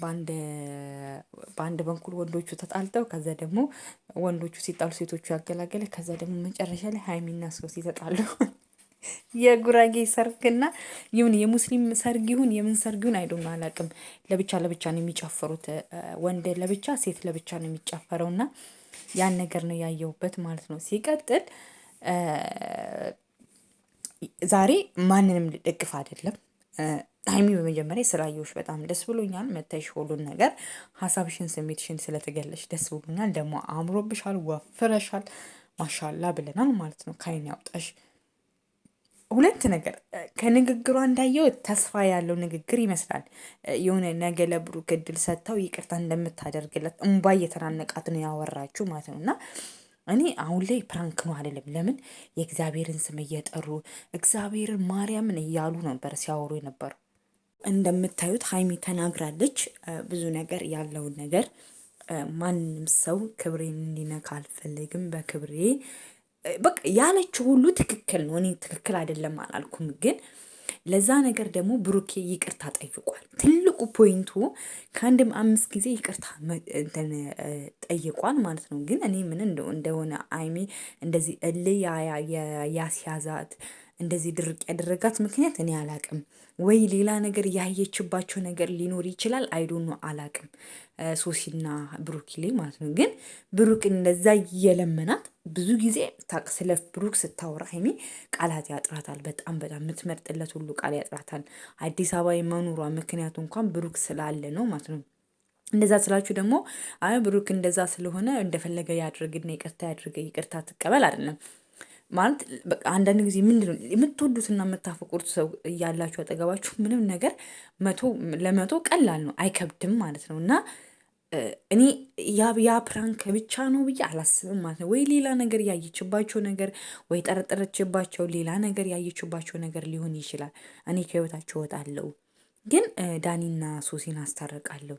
በአንድ በአንድ በኩል ወንዶቹ ተጣልተው ከዛ ደግሞ ወንዶቹ ሲጣሉ ሴቶቹ ያገላገለ ከዛ ደግሞ መጨረሻ ላይ ሀይሚና ሶስ ይተጣሉ። የጉራጌ ሰርግና ይሁን የሙስሊም ሰርግ ይሁን የምን ሰርግ ይሁን አይዶ አላቅም ለብቻ ለብቻ ነው የሚጨፈሩት ወንድ ለብቻ ሴት ለብቻ ነው የሚጨፈረው እና ያን ነገር ነው ያየሁበት ማለት ነው። ሲቀጥል ዛሬ ማንንም ልደግፍ አይደለም ሀይሚ በመጀመሪያ ስላየሁሽ በጣም ደስ ብሎኛል። መታይሽ ሁሉን ነገር ሀሳብሽን፣ ስሜትሽን ስለተገለሽ ደስ ብሎኛል። ደግሞ አምሮብሻል፣ ወፍረሻል፣ ማሻላ ብለናል ማለት ነው። ከአይን ያውጣሽ። ሁለት ነገር ከንግግሯ እንዳየው ተስፋ ያለው ንግግር ይመስላል። የሆነ ነገ ለብሩክ እድል ሰጥተው ይቅርታ እንደምታደርግለት እንባ እየተናነቃት ነው ያወራችሁ ማለት ነው እና እኔ አሁን ላይ ፕራንክ ነው አይደለም። ለምን የእግዚአብሔርን ስም እየጠሩ እግዚአብሔርን ማርያምን እያሉ ነበር ሲያወሩ የነበሩ እንደምታዩት ሀይሚ ተናግራለች። ብዙ ነገር ያለውን ነገር ማንም ሰው ክብሬን እንዲነካ አልፈልግም፣ በክብሬ በቃ ያለችው ሁሉ ትክክል ነው። እኔ ትክክል አይደለም አላልኩም፣ ግን ለዛ ነገር ደግሞ ብሩኬ ይቅርታ ጠይቋል። ትልቁ ፖይንቱ ከአንድም አምስት ጊዜ ይቅርታ ጠይቋል ማለት ነው። ግን እኔ ምን እንደሆነ ሀይሚ እንደዚህ እልህ ያስያዛት እንደዚህ ድርቅ ያደረጋት ምክንያት እኔ አላቅም። ወይ ሌላ ነገር ያየችባቸው ነገር ሊኖር ይችላል። አይዶኖ አላቅም። ሶሲና ብሩክ ላይ ማለት ነው። ግን ብሩክ እንደዛ እየለመናት ብዙ ጊዜ ታቅ ስለ ብሩክ ስታወራ ሀይሚ ቃላት ያጥራታል። በጣም በጣም የምትመርጥለት ሁሉ ቃል ያጥራታል። አዲስ አበባ የመኖሯ ምክንያቱ እንኳን ብሩክ ስላለ ነው ማለት ነው። እንደዛ ስላችሁ ደግሞ አይ ብሩክ እንደዛ ስለሆነ እንደፈለገ ያድርግና ይቅርታ ያድርገ ይቅርታ ትቀበል አይደለም ማለት አንዳንድ ጊዜ ምንድነው የምትወዱትና የምታፈቁሩት ሰው እያላችሁ አጠገባችሁ ምንም ነገር መቶ ለመቶ ቀላል ነው፣ አይከብድም ማለት ነው እና እኔ ያ ፕራንክ ብቻ ነው ብዬ አላስብም ማለት ነው። ወይ ሌላ ነገር ያየችባቸው ነገር ወይ ጠረጠረችባቸው ሌላ ነገር ያየችባቸው ነገር ሊሆን ይችላል። እኔ ከህይወታቸው እወጣለሁ ግን ዳኒና ሶሲን አስታርቃለሁ።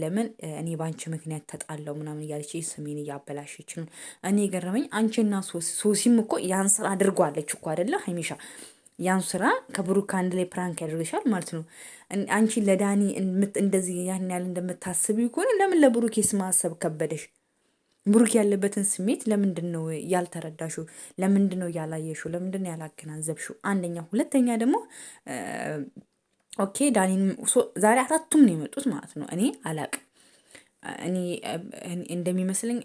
ለምን እኔ በአንቺ ምክንያት ተጣለው ምናምን እያለች ስሜን እያበላሸች ነው። እኔ የገረመኝ አንቺና ሶሲም እኮ ያን ስራ አድርጓለች እኮ አደለ ሀይሚሻ? ያን ስራ ከብሩክ አንድ ላይ ፕራንክ ያደርግሻል ማለት ነው። አንቺ ለዳኒ እንደዚህ ያን ያህል እንደምታስብ ከሆነ ለምን ለብሩኬስ ማሰብ ከበደሽ? ብሩክ ያለበትን ስሜት ለምንድን ነው ያልተረዳሹ? ለምንድን ነው ያላየሹ? ለምንድን ነው ያላገናዘብሽው? አንደኛ። ሁለተኛ ደግሞ ኦኬ ዳኒ ዛሬ አራቱም ነው የመጡት ማለት ነው። እኔ አላቅም። እኔ እንደሚመስለኝ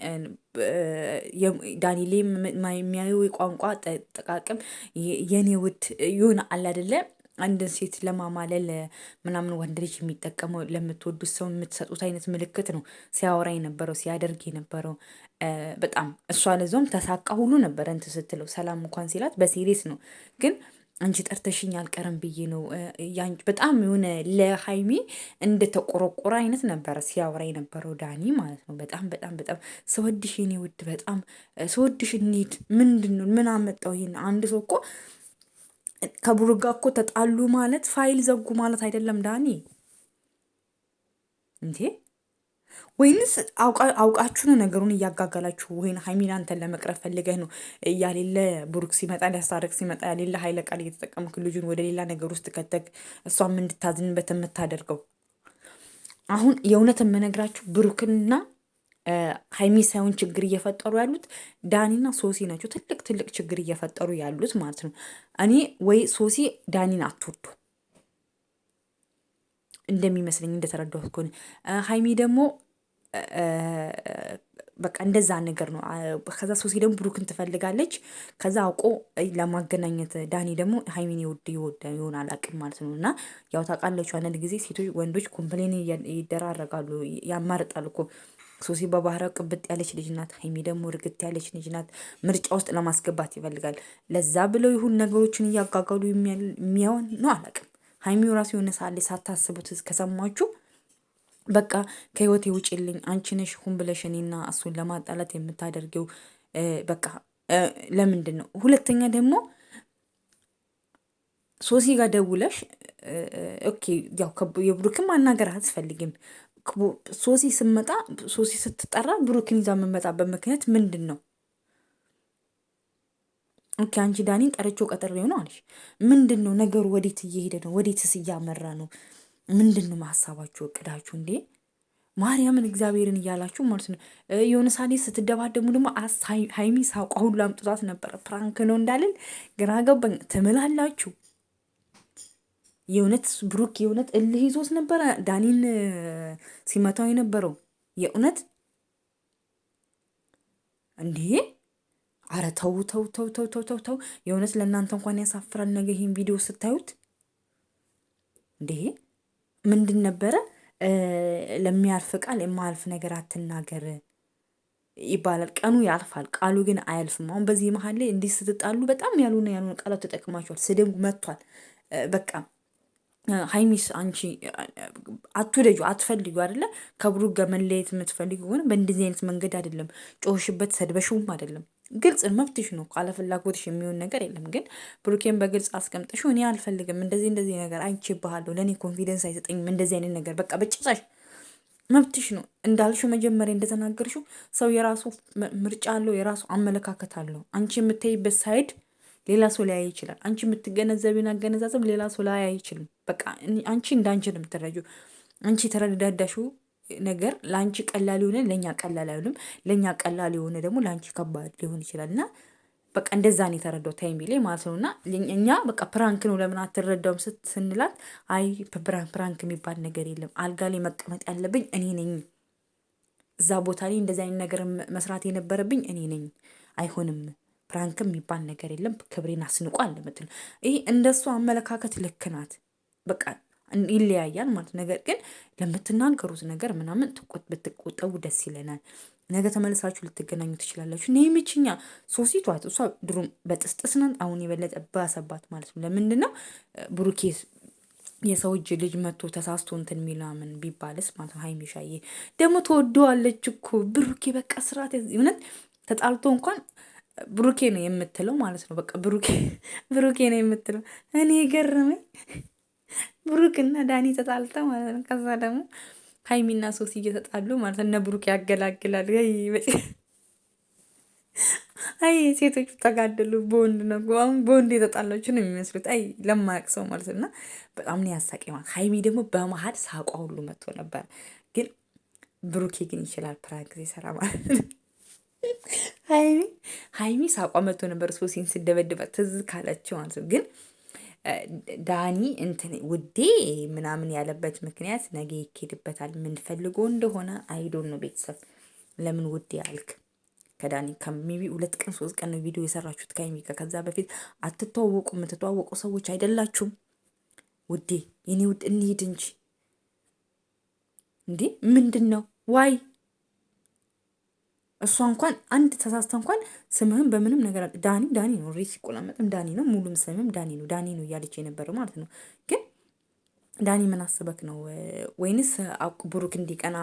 ዳኒሌ የሚያዩ የቋንቋ ጠቃቅም የኔ ውድ የሆነ አለ አደለ አንድን ሴት ለማማለል ምናምን ወንድ ልጅ የሚጠቀመው ለምትወዱት ሰው የምትሰጡት አይነት ምልክት ነው። ሲያወራ የነበረው ሲያደርግ የነበረው በጣም እሷ ለዞም ተሳቃ ሁሉ ነበረ እንትን ስትለው ሰላም እንኳን ሲላት በሴሪየስ ነው ግን አንቺ ጠርተሽኝ አልቀርም ብዬ ነው። በጣም የሆነ ለሀይሚ እንደተቆረቆረ አይነት ነበረ ሲያወራ የነበረው ዳኒ ማለት ነው። በጣም በጣም በጣም ሰወድሽ የኔ ውድ በጣም ሰወድሽ እንሂድ ምንድን ነው ምን አመጣው ይሄን። አንድ ሰው እኮ ከቡርጋ እኮ ተጣሉ ማለት ፋይል ዘጉ ማለት አይደለም ዳኒ እንዴ። ወይንስ አውቃችሁ ነው ነገሩን እያጋጋላችሁ? ወይን ሀይሚን አንተን ለመቅረብ ፈልገህ ነው እያሌለ ብሩክ ሲመጣ ሊያስታርቅ ሲመጣ ያሌለ ሀይለ ቃል እየተጠቀምክ ልጁን ወደ ሌላ ነገር ውስጥ ከተግ እሷም እንድታዝንበት የምታደርገው አሁን የእውነት የምነግራችሁ ብሩክና ሀይሚ ሳይሆን ችግር እየፈጠሩ ያሉት ዳኒና ሶሲ ናቸው። ትልቅ ትልቅ ችግር እየፈጠሩ ያሉት ማለት ነው። እኔ ወይ ሶሲ ዳኒን አትወዱ እንደሚመስለኝ እንደተረዳሁት ከሆነ ሀይሚ ደግሞ በቃ እንደዛ ነገር ነው። ከዛ ሶሲ ደግሞ ብሩክን ትፈልጋለች። ከዛ አውቆ ለማገናኘት ዳኒ ደግሞ ሀይሚን የወደ የወደ የሆን አላቅም ማለት ነው። እና ያው ታውቃለች፣ አንዳንድ ጊዜ ሴቶች ወንዶች ኮምፕሌን ይደራረጋሉ፣ ያማርጣል እኮ ሶሲ በባህሪዋ ቅብጥ ያለች ልጅ ናት። ሀይሚ ደግሞ እርግጥ ያለች ልጅ ናት። ምርጫ ውስጥ ለማስገባት ይፈልጋል። ለዛ ብለው ይሁን ነገሮችን እያጋጋሉ የሚሆን ነው አላቅም። ሀይሚው ራሱ የሆነ ሳሌ ሳታስቡት ከሰማችሁ በቃ ከህይወቴ ውጭልኝ አንቺ ነሽ ሁን ብለሽ እኔና እሱን ለማጣላት የምታደርገው በቃ ለምንድን ነው? ሁለተኛ ደግሞ ሶሲ ጋር ደውለሽ ኦኬ፣ ያው የብሩክን ማናገር አትፈልግም። ሶሲ ስመጣ ሶሲ ስትጠራ ብሩክን ይዛ የምመጣበት ምክንያት ምንድን ነው? ኦኬ፣ አንቺ ዳኒን ጠረችው ቀጠሬው ነው አለሽ። ምንድን ነው ነገሩ? ወዴት እየሄደ ነው? ወዴትስ እያመራ ነው? ምንድን ነው ሀሳባችሁ? እቅዳችሁ እንዴ? ማርያምን እግዚአብሔርን እያላችሁ ማለት ነው። የሆነ ሳሌ ስትደባደሙ ደግሞ ሀይሚ ሳቋ ሁሉ አምጡታት ነበረ። ፕራንክ ነው እንዳልን ግራ ገባኝ። ትምላላችሁ። የእውነት ብሩክ የእውነት እልህ ይዞት ነበረ ዳኒን ሲመታው የነበረው የእውነት እንዴ? አረ ተው ተው ተው ተው ተው ተው ተው። የእውነት ለእናንተ እንኳን ያሳፍራል። ነገ ይህን ቪዲዮ ስታዩት እንዴ ምንድን ነበረ ለሚያልፍ ቃል የማያልፍ ነገር አትናገር ይባላል። ቀኑ ያልፋል፣ ቃሉ ግን አያልፍም። አሁን በዚህ መሀል ላይ እንዲህ ስትጣሉ በጣም ያልሆነ ያልሆነ ቃላት ተጠቅማችኋል። ስድብ መጥቷል። በቃ ሀይሚስ አንቺ አትውደጁ አትፈልጊው አደለ ከብሩክ ጋር መለየት የምትፈልጊው ከሆነ በእንደዚህ አይነት መንገድ አይደለም። ጮሽበት ሰድበሽውም አይደለም። ግልጽ መብትሽ ነው። ካለፍላጎትሽ የሚሆን ነገር የለም። ግን ብሩኬን በግልጽ አስቀምጠሽው እኔ አልፈልግም፣ እንደዚህ እንደዚህ ነገር አይቼብሃለሁ፣ ለእኔ ኮንፊደንስ አይሰጠኝም፣ እንደዚህ አይነት ነገር በቃ በጭራሽ መብትሽ ነው። እንዳልሽው መጀመሪያ እንደተናገርሽው ሰው የራሱ ምርጫ አለው፣ የራሱ አመለካከት አለው። አንቺ የምታይበት ሳይድ ሌላ ሰው ሊያይ ይችላል። አንቺ የምትገነዘብን አገነዛዘብ ሌላ ሰው ሊያይ አይችልም። በቃ አንቺ እንዳንቺ ነው የምትረጁ አንቺ የተረዳዳሽው ነገር ለአንቺ ቀላል የሆነ ለእኛ ቀላል አይሆንም፣ ለእኛ ቀላል የሆነ ደግሞ ለአንቺ ከባድ ሊሆን ይችላል። እና በቃ እንደዛ ነው የተረዳው ታይም ቢሌ ማለት ነው። እና እኛ በቃ ፕራንክ ነው ለምን አትረዳውም ስንላት፣ አይ ፕራንክ የሚባል ነገር የለም፣ አልጋ ላይ መቀመጥ ያለብኝ እኔ ነኝ። እዛ ቦታ ላይ እንደዚ አይነት ነገር መስራት የነበረብኝ እኔ ነኝ። አይሆንም ፕራንክም የሚባል ነገር የለም፣ ክብሬን አስንቋል የምትል ይህ እንደሱ አመለካከት ልክ ናት በቃ ይለያያል ማለት ነገር ግን ለምትናገሩት ነገር ምናምን ብትቆጠቡ ደስ ይለናል። ነገ ተመልሳችሁ ልትገናኙ ትችላላችሁ። እኔ ምችኛ ሶሲቷት እሷ ድሮም በጥስጥስ ናት። አሁን የበለጠ ባሰባት ማለት ነው። ለምንድን ነው ብሩኬስ የሰው እጅ ልጅ መቶ ተሳስቶ እንትን ሚላምን ቢባልስ ማለት ነው። ሀይሚሻዬ ደግሞ ተወደዋለች እኮ ብሩኬ በቃ ስርዓት እውነት ተጣልቶ እንኳን ብሩኬ ነው የምትለው ማለት ነው። በቃ ብሩኬ ብሩኬ ነው የምትለው እኔ ገረመኝ። ብሩክ እና ዳኒ ተጣልተው ማለት ነው። ከዛ ደግሞ ሀይሚና ሶሲ እየተጣሉ ማለት ነው። እነ ብሩክ ያገላግላል። አይ ሴቶቹ ተጋደሉ። በወንድ ነው አሁን በወንድ የተጣላችሁ ነው የሚመስሉት። አይ ለማያውቅ ሰው ማለት እና በጣም ነው ያሳቂ። ማለት ሀይሚ ደግሞ በመሀል ሳቋ ሁሉ መጥቶ ነበር። ግን ብሩኬ ግን ይችላል ፕራንክ ሲሰራ ማለት ነው። ሀይሚ ሀይሚ ሳቋ መጥቶ ነበር ሶሲን ስደበድበት ትዝ ካላቸው ማለት ነው ግን ዳኒ እንትን ውዴ ምናምን ያለበት ምክንያት ነገ ይኬድበታል። የምንፈልጎ እንደሆነ አይዶን ነው። ቤተሰብ ለምን ውዴ አልክ? ከዳኒ ከሚቢ ሁለት ቀን ሶስት ቀን ቪዲዮ የሰራችሁት ከሚቢ ጋር። ከዛ በፊት አትተዋወቁ፣ የምትተዋወቁ ሰዎች አይደላችሁም። ውዴ የኔ ውድ እንሂድ እንጂ እንዴ ምንድን ነው ዋይ እሷ እንኳን አንድ ተሳስታ እንኳን ስምህም በምንም ነገር ዳኒ ዳኒ ነው ሬት ሲቆላመጥም ዳኒ ነው ሙሉም ስምም ዳኒ ነው ዳኒ ነው እያለች የነበረ ማለት ነው። ግን ዳኒ ምን አስበክ ነው ወይንስ ብሩክ እንዲቀና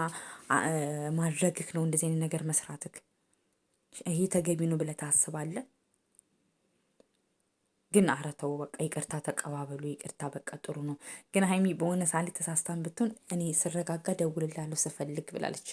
ማድረግክ ነው እንደዚህ አይነት ነገር መስራትክ ይሄ ተገቢ ነው ብለህ ታስባለህ? ግን አረተው በቃ ይቅርታ ተቀባበሉ። ይቅርታ በቃ ጥሩ ነው። ግን ሀይሚ በሆነ ሰዓት ተሳስታን ብትሆን እኔ ስረጋጋ ደውልላለሁ ስፈልግ ብላለች።